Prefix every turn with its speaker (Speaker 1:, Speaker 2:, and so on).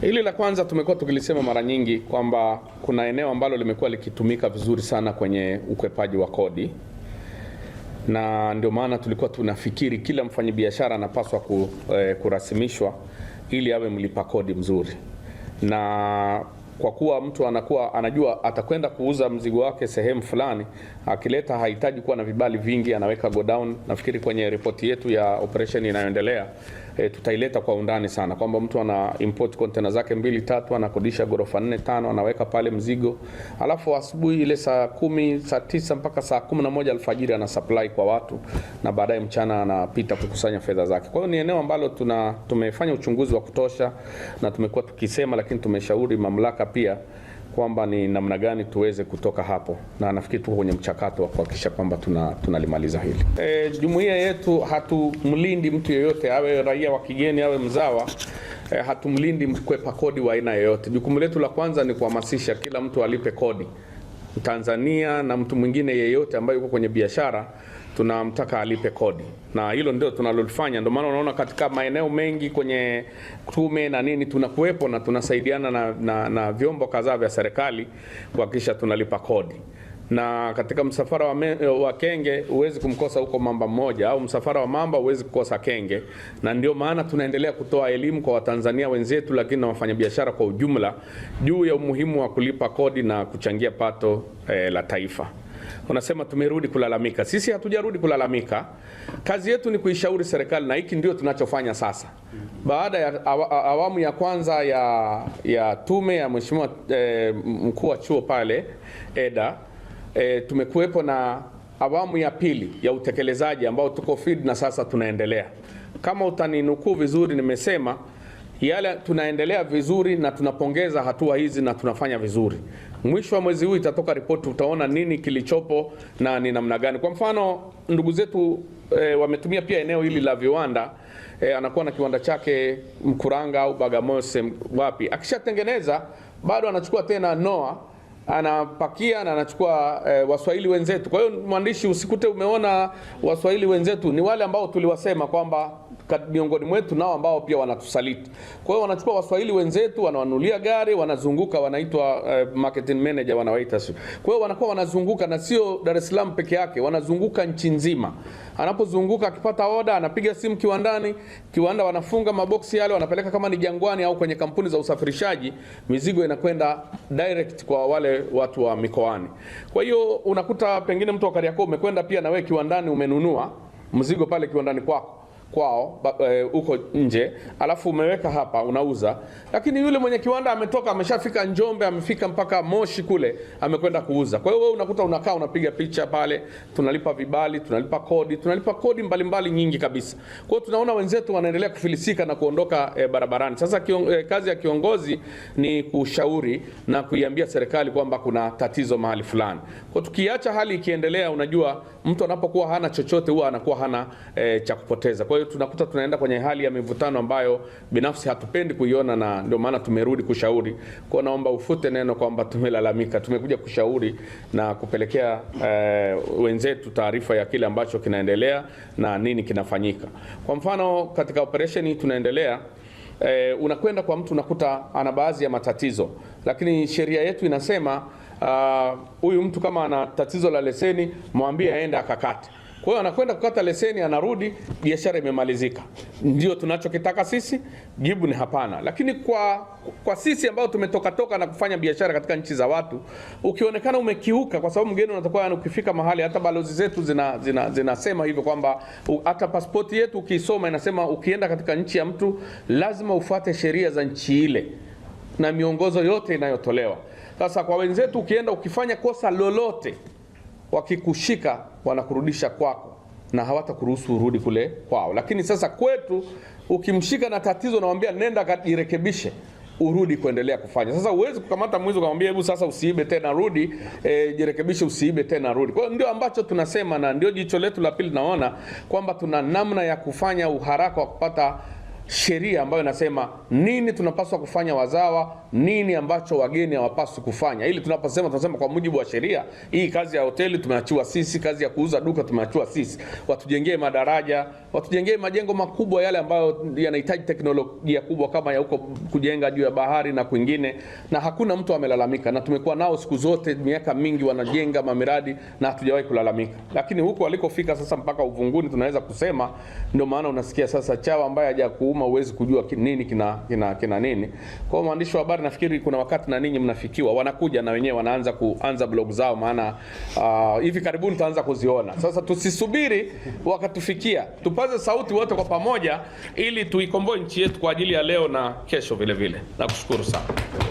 Speaker 1: Hili la kwanza tumekuwa tukilisema mara nyingi kwamba kuna eneo ambalo limekuwa likitumika vizuri sana kwenye ukwepaji wa kodi, na ndio maana tulikuwa tunafikiri kila mfanyabiashara anapaswa ku, eh, kurasimishwa ili awe mlipa kodi mzuri, na kwa kuwa mtu anakuwa anajua atakwenda kuuza mzigo wake sehemu fulani, akileta hahitaji kuwa na vibali vingi, anaweka godown. Nafikiri kwenye ripoti yetu ya operation inayoendelea e, tutaileta kwa undani sana, kwamba mtu ana import container zake mbili tatu, anakodisha gorofa nne tano, anaweka pale mzigo, alafu asubuhi ile saa kumi saa tisa mpaka saa kumi na moja alfajiri ana supply kwa watu, na baadaye mchana anapita kukusanya fedha zake. Kwa hiyo ni eneo ambalo tuna tumefanya uchunguzi wa kutosha na tumekuwa tukisema, lakini tumeshauri mamlaka pia kwamba ni namna gani tuweze kutoka hapo, na nafikiri tuko kwenye mchakato wa kuhakikisha kwamba tunalimaliza tuna hili. E, jumuiya yetu hatumlindi mtu yeyote, awe raia wa kigeni, awe mzawa e, hatumlindi mkwepa kodi wa aina yoyote. Jukumu letu la kwanza ni kuhamasisha kila mtu alipe kodi, Mtanzania na mtu mwingine yeyote ambaye yuko kwenye biashara tunamtaka alipe kodi, na hilo ndio tunalolifanya. Ndio maana unaona katika maeneo mengi kwenye tume na nini tunakuwepo na tunasaidiana na, na, na vyombo kadhaa vya serikali kuhakikisha tunalipa kodi na katika msafara wa, me, wa kenge huwezi kumkosa huko mamba mmoja, au msafara wa mamba huwezi kukosa kenge, na ndio maana tunaendelea kutoa elimu kwa Watanzania wenzetu, lakini na wafanyabiashara kwa ujumla juu ya umuhimu wa kulipa kodi na kuchangia pato eh, la taifa unasema tumerudi kulalamika. Sisi hatujarudi kulalamika, kazi yetu ni kuishauri serikali, na hiki ndio tunachofanya sasa. Baada ya awamu ya kwanza ya, ya tume ya mheshimiwa e, mkuu wa chuo pale EDA e, tumekuwepo na awamu ya pili ya utekelezaji ambao tuko feed na sasa tunaendelea. Kama utaninukuu vizuri, nimesema Yala tunaendelea vizuri na tunapongeza hatua hizi na tunafanya vizuri. Mwisho wa mwezi huu itatoka ripoti, utaona nini kilichopo na ni namna gani. Kwa mfano ndugu zetu e, wametumia pia eneo hili la viwanda e, anakuwa na kiwanda chake Mkuranga au Bagamoyo wapi, akishatengeneza bado anachukua tena noa anapakia na anachukua e, Waswahili wenzetu. Kwa hiyo mwandishi, usikute umeona Waswahili wenzetu ni wale ambao tuliwasema kwamba miongoni mwetu nao ambao pia wanatusaliti. Kwa hiyo wanachukua waswahili wenzetu, wanawanulia gari, wanazunguka, wanaitwa uh, marketing manager wanawaita. sio. Kwa hiyo wanakuwa wanazunguka, na sio Dar es Salaam peke yake, wanazunguka nchi nzima. Anapozunguka akipata oda, anapiga simu kiwandani, kiwanda wanafunga maboksi yale, wanapeleka kama ni Jangwani au kwenye kampuni za usafirishaji, mizigo inakwenda direct kwa wale watu wa mikoani. Kwa hiyo unakuta pengine mtu wa Kariakoo umekwenda pia na wewe kiwandani, umenunua mzigo pale kiwandani kwako kwao huko eh, uh, nje, alafu umeweka hapa unauza, lakini yule mwenye kiwanda ametoka, ameshafika Njombe, amefika mpaka Moshi kule, amekwenda kuuza. Kwa hiyo wewe unakuta unakaa unapiga picha pale, tunalipa vibali, tunalipa kodi, tunalipa kodi mbalimbali mbali nyingi kabisa. Kwa hiyo tunaona wenzetu wanaendelea kufilisika na kuondoka eh, barabarani. Sasa kion, eh, kazi ya kiongozi ni kushauri na kuiambia serikali kwamba kuna tatizo mahali fulani. Kwa tukiacha hali ikiendelea, unajua mtu anapokuwa hana chochote huwa anakuwa hana eh, cha kupoteza. Kwa hiyo tunakuta tunaenda kwenye hali ya mivutano ambayo binafsi hatupendi kuiona, na ndio maana tumerudi kushauri. Kwa naomba ufute neno kwamba tumelalamika, tumekuja kushauri na kupelekea eh, wenzetu taarifa ya kile ambacho kinaendelea na nini kinafanyika. Kwa mfano katika operesheni tunaendelea Eh, unakwenda kwa mtu unakuta ana baadhi ya matatizo, lakini sheria yetu inasema ah, huyu uh, mtu kama ana tatizo la leseni mwambie aende akakate. Kwa hiyo anakwenda kukata leseni, anarudi, biashara imemalizika. Ndio tunachokitaka sisi? Jibu ni hapana. Lakini kwa, kwa sisi ambao tumetoka toka na kufanya biashara katika nchi za watu, ukionekana umekiuka, kwa sababu mgeni unatakuwa ukifika mahali, hata balozi zetu zinasema zina, zina hivyo kwamba hata pasipoti yetu ukiisoma inasema ukienda katika nchi ya mtu lazima ufuate sheria za nchi ile na miongozo yote inayotolewa. Sasa kwa wenzetu, ukienda ukifanya kosa lolote wakikushika wanakurudisha kwako na hawatakuruhusu urudi kule kwao. Lakini sasa kwetu, ukimshika na tatizo nawambia nenda kajirekebishe urudi kuendelea kufanya. Sasa huwezi kukamata mwizi ukamwambia hebu sasa usiibe tena rudi, e, jirekebishe usiibe tena rudi. Kwa hiyo ndio ambacho tunasema na ndio jicho letu la pili naona kwamba tuna namna ya kufanya uharaka wa kupata sheria ambayo inasema nini tunapaswa kufanya wazawa, nini ambacho wageni hawapaswi kufanya. Ili tunaposema tunasema kwa mujibu wa sheria hii, kazi ya hoteli tumeachiwa sisi, kazi ya kuuza duka tumeachiwa sisi. Watujengee madaraja, watujengee majengo makubwa yale ambayo yanahitaji teknolojia kubwa kama ya huko kujenga juu ya bahari na kwingine, na hakuna mtu amelalamika, na tumekuwa nao siku zote, miaka mingi wanajenga mamiradi na hatujawahi kulalamika, lakini huko walikofika sasa mpaka uvunguni tunaweza kusema. Ndio maana unasikia sasa chawa ambaye hajakuuma kama huwezi kujua nini kina kina, kina nini. Kwa hiyo mwandishi wa habari nafikiri kuna wakati na ninyi mnafikiwa, wanakuja na wenyewe wanaanza kuanza blog zao, maana uh, hivi karibuni tutaanza kuziona. Sasa tusisubiri wakatufikia, tupaze sauti wote kwa pamoja, ili tuikomboe nchi yetu kwa ajili ya leo na kesho vile vile. Nakushukuru sana.